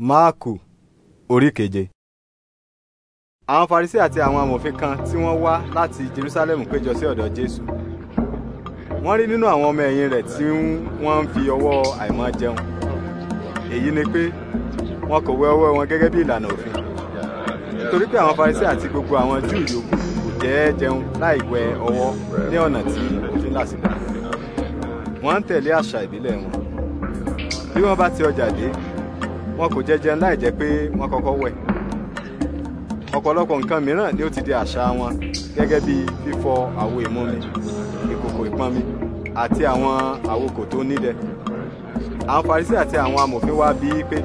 máàkù orí keje. àwọn farisí àti àwọn amòfin kan tí wọ́n wá láti jerusalem péjọ sí ọ̀dọ̀ jésù wọ́n rí nínú àwọn ọmọ ẹ̀yìn rẹ̀ tí wọ́n ń fi ọwọ́ àìmọ́ jẹun èyí ni pé wọn kò wẹ ọwọ́ wọn gẹ́gẹ́ bí ìlànà òfin nítorí pé àwọn farisí àti gbogbo àwọn júù yòókù kò jẹ́ jẹun láì wẹ ọwọ́ ní ọ̀nà tí òfin là sílẹ̀ wọ́n ń tẹ̀lé àṣà ìbílẹ̀ wọn bí wọ́n bá ti ọjà dé wọn kò jẹ jẹun láì jẹ́ pé wọ́n kọ́kọ́ wẹ̀ ọ̀pọ̀lọpọ̀ nǹkan mìíràn ni ó ti di àṣà wọn gẹ́gẹ́ bí fífọ àwo ìmumi ìkòkò ìpọnmi àti àwọn àwokò tó nílẹ̀ àwọn Farisí àti àwọn amòfin wá bí i pé.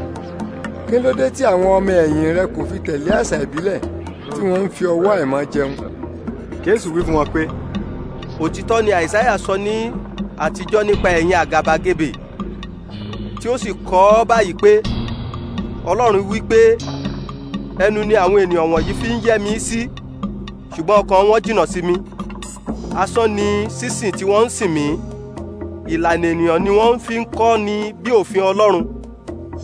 kí ló dé tí àwọn ọmọ ẹ̀yìn rẹ kò fi tẹ̀lé àṣà ìbílẹ̀ tí wọ́n ń fi ọwọ́ àìmọ́ jẹun. Jésù wí fún wọn pé. òtítọ́ ni Àìsáyà sọ ní àtijọ́ nípa ẹ̀yin àgàbàgebè tí ó sì kọ ọ́ báyìí pé ọlọ́run wí pé ẹnu ni àwọn ènìyàn wọ̀nyí fi ń yẹ́ mi sí ṣùgbọ́n ọkàn wọn jìnnà sí mi asán ni sísìn tí wọ́n ń sìn mí ìlànà ènìyàn ni wọ́n fi ń kọ́ ni bí òfin ọlọ́run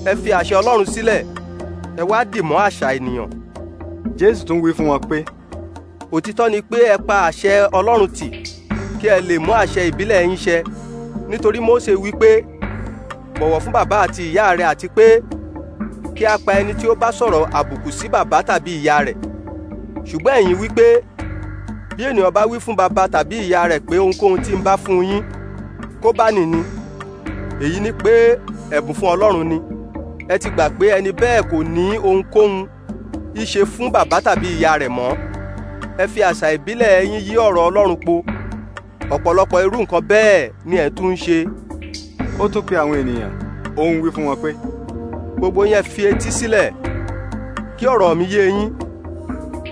ẹ fi àṣẹ ọlọ́run sílẹ̀ ẹ wá dì mọ́ àṣà ènìyàn. jésù tún wí fún wọn pé. òtítọ́ ni pé ẹ pa àṣẹ ọlọ́run tì kí ẹ lè mú àṣẹ ìbílẹ̀ yín ṣẹ nítorí mósè wí pé bọ̀wọ̀ fún bàbá àti ìyá rẹ àti pé kí a pa ẹni tí ó bá sọ̀rọ̀ àbùkù sí bàbá tàbí ìyá rẹ̀ ṣùgbọ́n ẹ̀yin wípé bí ènìyàn bá wí fún bàbá tàbí ìyá rẹ̀ pé ohunkóhun tí ń bá fún yín kó bá nìní èyí ni pé ẹ̀bùn fún Ọlọ́run ni ẹ ti gbà pé ẹni bẹ́ẹ̀ kò ní ohunkóhun í fún bàbá tàbí ìyá rẹ̀ mọ́ ẹ fi àṣà ìbílẹ̀ ẹ̀yin yí ọ̀rọ̀ Ọlọ́run po ọ̀pọ̀lọpọ̀ irú nǹkan bẹ́ẹ̀ ni ẹ̀ tún ń ṣe. ó tún pe àwọn ènìyàn ó ń wí fún wọn pé gbogbo yẹn fi etí sílẹ̀ kí ọ̀rọ̀ mi yé yín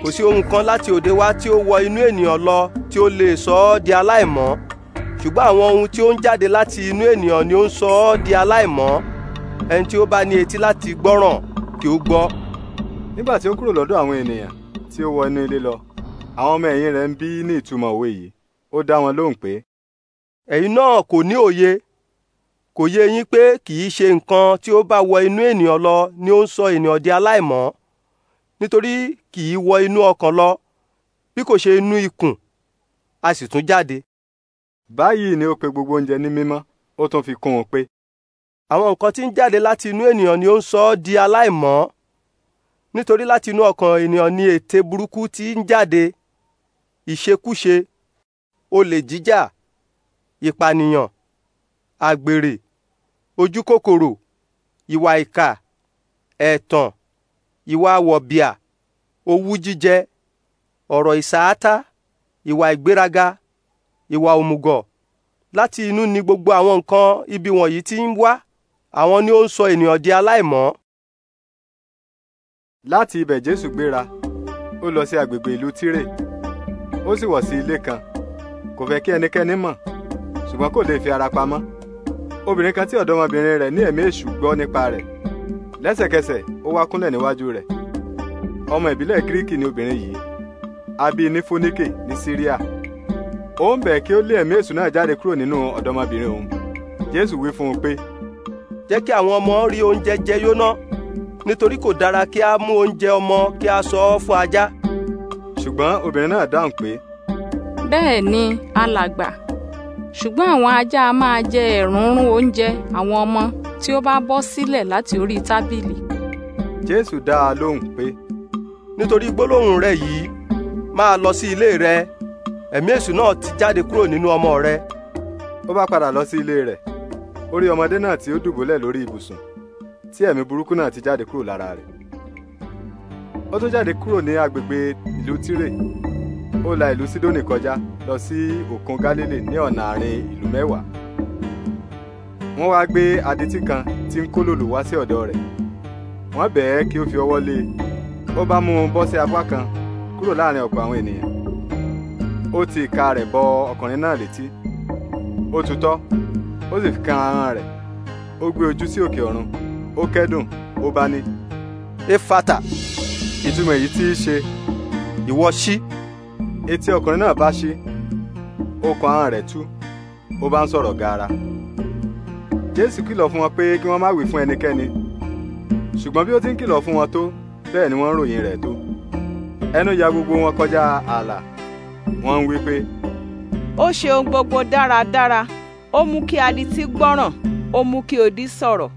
kò sí ohun kan láti òde wá tí ó wọ inú ènìyàn lọ tí ó lè sọ ọ́ di aláìmọ́ ṣùgbọ́n àwọn ohun tí ó ń jáde láti inú ènìyàn ni ó ń sọ ọ́ di aláìmọ́ ẹni tí ó bá ní etí láti gbọ́ràn kí ó gbọ́. nígbà tí ó kúrò lọ́dọ̀ àwọn ènìyàn tí ó wọ inú ilé lọ àwọn ọmọ ẹ̀yìn rẹ̀ ń bí ní ìtumọ̀ òwe yìí ó dá wọn lóhùn pé. ẹ̀yin náà kò ní òye kò yé yín pé kì í ṣe nǹkan tí ó bá wọ inú ènìyàn lọ ni ó ń sọ ènìyàn di aláìmọ́ nítorí kì í wọ inú ọkàn lọ bí kò ṣe inú ikùn a sì tún jáde. báyìí ni ó pe gbogbo oúnjẹ ní mímọ́ ó tún fi kún un pé. àwọn nǹkan tí ń jáde láti inú ènìyàn ni ó ń sọ ọ́ di aláìmọ́ nítorí láti inú ọkàn ènìyàn ni ète burúkú tí ń jáde ìṣekúṣe olè jíjà ìpànìyàn àgbèrè ojú kòkòrò ìwà ìkà ẹ̀tàn ìwà wọ̀bìà owú jíjẹ ọ̀rọ̀ ìsáátá ìwà ìgbéraga ìwà òmùgọ̀ láti inú ni gbogbo àwọn nǹkan ibi wọ̀nyí ti ń wá àwọn ni ó ń sọ ènìyàn di aláìmọ́. láti ibẹ̀ jésù gbéra ó lọ sí agbègbè ìlú tírè ó sì wọ̀ sí ilé kan kò fẹ́ kí ẹnikẹ́ni mọ̀ ṣùgbọ́n kò lè fi ara pamọ́ obìnrin kan tí ọ̀dọ́mọbìnrin rẹ̀ ní ẹ̀mí èṣù gbọ́ nípa rẹ̀ lẹ́sẹ̀kẹsẹ̀ ó wá kúnlẹ̀ níwájú rẹ̀ ọmọ ìbílẹ̀ gíríkì ni obìnrin yìí a bí ní fúníkè ní síríà ó ń bẹ̀ kí ó lé ẹ̀mí èṣù náà jáde kúrò nínú ọ̀dọ́mọbìnrin òun jésù wí fún un pé. jẹ́ kí àwọn ọmọ rí oúnjẹ jẹ yóná nítorí kò dára kí a mú oúnjẹ ọmọ kí a sọ ọ́ fún ajá. ṣùgbọ́n obìnrin náà dáhùn pé. bẹ́ẹ̀ ni alàgbà ṣùgbọ́n àwọn ajá a máa jẹ ẹ̀rúnrún oúnjẹ àwọn ọmọ tí ó bá bọ́ sílẹ̀ láti orí tábìlì. jésù dá a lóhùn pé nítorí gbólóhùn rẹ yìí máa lọ sí ilé rẹ ẹ̀mí èṣù náà ti jáde kúrò nínú ọmọ rẹ. ó bá padà lọ sí ilé rẹ̀ ó rí ọmọdé náà tí ó dùbúlẹ̀ lórí ibùsùn tí ẹ̀mí burúkú náà ti jáde kúrò lára rẹ̀. ó tún jáde kúrò ní agbègbè ìlú tírè ó la ìlú sídónì kọjá lọ sí òkun Gálílì ní ọ̀nà àárín ìlú mẹ́wàá wọ́n wá gbé adití kan tí ń kó lòlù wá sí ọ̀dọ̀ rẹ̀ wọ́n bẹ̀ ẹ́ kí ó fi ọwọ́ lé e ó bá mú un bọ́ sí apá kan kúrò láàrin ọ̀pọ̀ àwọn ènìyàn ó ti ìka rẹ̀ bọ ọkùnrin náà létí ó tutọ́ ó sì fi kan ahọ́n rẹ̀ ó gbé ojú sí òkè ọ̀run ó kẹ́dùn ó bá ní. éfàtà ìtumọ̀ èyí tí ṣe ìwọ ṣí etí ọkùnrin náà bá ṣí ó kan ahọ́n rẹ̀ tú ó bá ń sọ̀rọ̀ gaara jésù kìlọ̀ fún wọn pé kí wọ́n má wí fún ẹnikẹ́ni ṣùgbọ́n bí ó ti ń kìlọ̀ fún wọn tó bẹ́ẹ̀ ni wọ́n ń ròyìn rẹ̀ tó ẹnu ya gbogbo wọn kọjá ààlà wọ́n ń wí pé. ó ṣe gbogbo dáradára ó mú kí adití gbọ́ràn ó mú kí odi sọ̀rọ̀